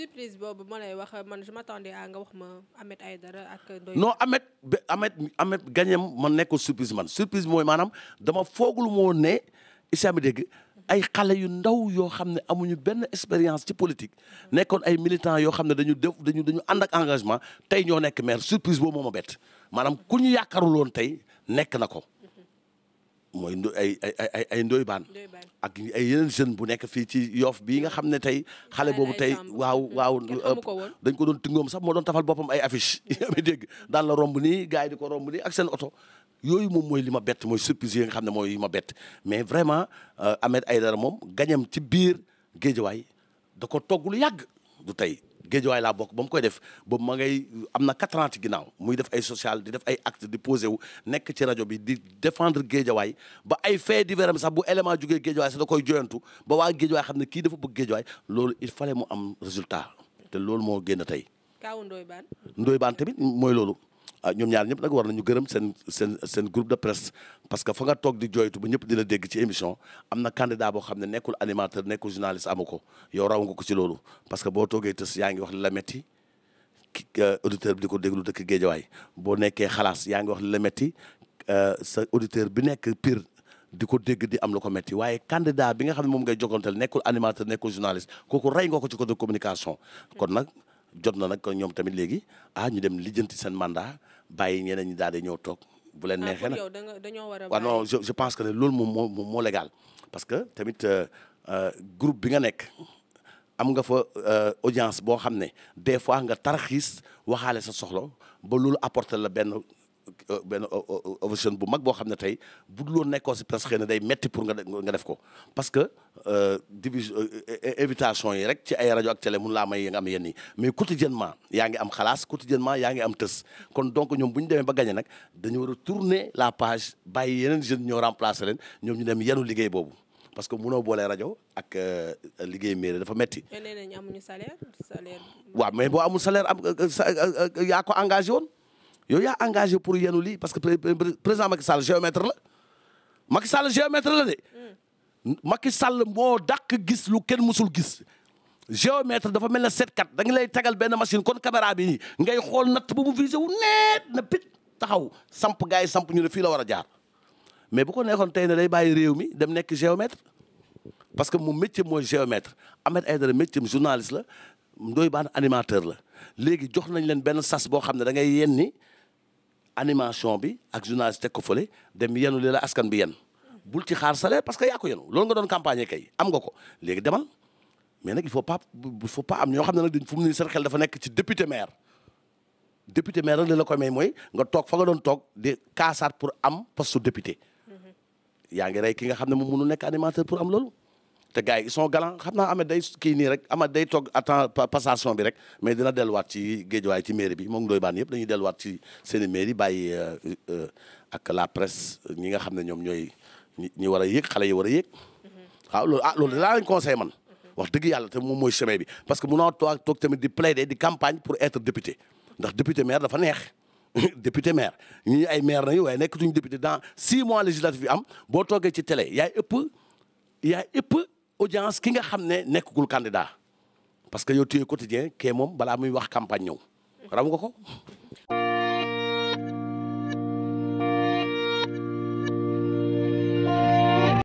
surprise boobu ma lay wax man je m'attendais à nga wax ma Ahmed Aïdara ak Ndoye. non Ahmed ba Ahmed Ahmed gañeem man nekkul surprise man surprise mooy maanaam dama foogul moo ne Issa mi dégg ay xale yu ndaw yoo xam ne amuñu benn expérience ci politique nekkoon ay militants yoo xam ne dañu def dañu dañu ànd ak engagement tey ñoo nekk maire surprise boobu moo ma bett maanaam ku ñu loon tey nekk na ko. mooy ndo ay ay ndoy baan ak ay yeneen jeune bu nekk fii ci yoof bii nga xam ne tey xale boobu tey waaw hmm. waaw euh, dañ ko doon tingoom sax moo doon tafal boppam ay affiche hmm. yami dégg daan la romb nii gars yi di ko romb nii ak seen oto yooyu moom mooy li ma bett mooy surprise yi nga xam ne mooy li ma bett mais vraiment ay euh, Aïdara moom gañam ci biir géejawaay da ko togg lu yàgg du tey géejuwaay la bokk ba mu koy def boobu ma ngay am na quatre ans ci muy def ay social di def ay acte di posé nekk ci rajo bi di défendre géejawaay ba ay fait divers sax bu élément jógee géejawaay sax da koy joyantu ba waa géejawaay xam ne kii dafa bëgg géejawaay loolu il fallait mu am résultat te loolu moo génn tey. Kaaw Ndoye Bane. Ndoye Bane tamit mooy loolu. Ah, ñoom ñaar ñëpp nag war nañu gërëm seen seen seen groupe de presse parce que fa nga toog di jooytu ba ñëpp di la dégg ci émission am na candidat boo xam ne nekkul animateur nekkul journaliste amu ko yow raw nga ko ci loolu parce que boo toogee tës yaa ngi wax la metti euh, auditeur bi di ko déglu dëkk géejawaay boo nekkee xalaas yaa ngi wax li la metti euh, sa auditeur bi nekk pire di ko dégg di am lu ko metti waaye candidat bi nga xam ne moom ngay jokkonteel nekkul animateur nekkul journaliste kooku rey nga ko ci côté communication kon na jot na nag ñoom tamit léegi ah ñu dem lijjanti seen mandaa bàyyi ñeneen ñi daal di ñëw toog. bu leen ah, neexee nag waaw non je je pense que ne loolu moom moo moo légal parce que tamit euh, euh, groupe bi nga nekk am nga fa euh, audience boo xam ne des fois nga tarxiis waxaale sa soxla ba loolu apporter la benn. Euh, benn euh, euh, ovation bu mag boo xam ne tey bu dul woon nekkoo si presse xëy na day metti pour nga def ko parce que division invitation yi rek ci ay rajo ak télé mun laa may nga am yenn yi mais quotidiennement yaa ngi am xalaas quotidiennement yaa ngi am tës kon donc ñoom bu ñu demee ba gagné nag dañu war la page bàyyi yeneen jeunes ñoo remplacer leen ñoom ñu dem yenu liggéey boobu parce que munoo boole rajo ak liggéey mairie dafa metti nee nañu amuñu salaire salaire. waaw mais boo amul salaire am yaa ko engagé woon. yooyu yaa engagé pour yenu lii parce que président Macky Sall géomètre la Macky Sall géomètre la de. Macky Sall mboo dàq gis lu kenn musul gis. géomètre dafa mel ne seetkat da nga lay tegal benn machine kon caméra bi nii ngay xool nat bu mu visé wu neet na picc taxaw samp gaay yi samp ñu ne fii la war a jaar mais bu ko neexoon tey ne day bàyyi réew mi dem nekk géomètre parce que moom métier mooy géomètre Ahmed Aïdara métier journaliste la Ndoye baan animateur la léegi jox nañ leen benn sas boo xam ne da ngay yenni animation bi ak journaliste ko fële dem yenu li askan bi yen bul ci xaar salaire parce que yaa ko yenu loolu nga doon campagne kay am nga ko léegi demal mais nag il faut pas il am ñoo xam ne nag fu mu ne seen xel dafa nekk ci député maire député maire rek li la ko may mooy nga toog fa doon toog di kaasaat pour am poste député mm-hmm. yaa ngi rey ki nga xam ne moom mënu nekk animateur pour am loolu te gars yi ils sont galants xam naa Ameth day kii nii rek Ameth day toog attend passation bi rek mais dina delluwaat ci géejuwaay ci mairie bi moom Ndoye Bane yëpp dañuy delluwaat ci seen i mairie bàyyi euh, euh, ak la presse ñi nga xam ne ñoom ñooy ñi war a yéeg xale yi war a yéeg mm-hmm. waaw loolu ah loolu laa lañ conseil man mm-hmm. wax dëgg yàlla te moom mooy chemin bi parce que munoo toog toog tamit di plaider di campagne pour être député ndax député maire dafa neex député maire ñi ay maire nañu waaye nekkatuñu député dans six mois législatif yi am boo audience ki nga xam ne nekkagul candidat parce que yow téye quotidien kee moom balaa muy wax campagne ñëw raw nga ko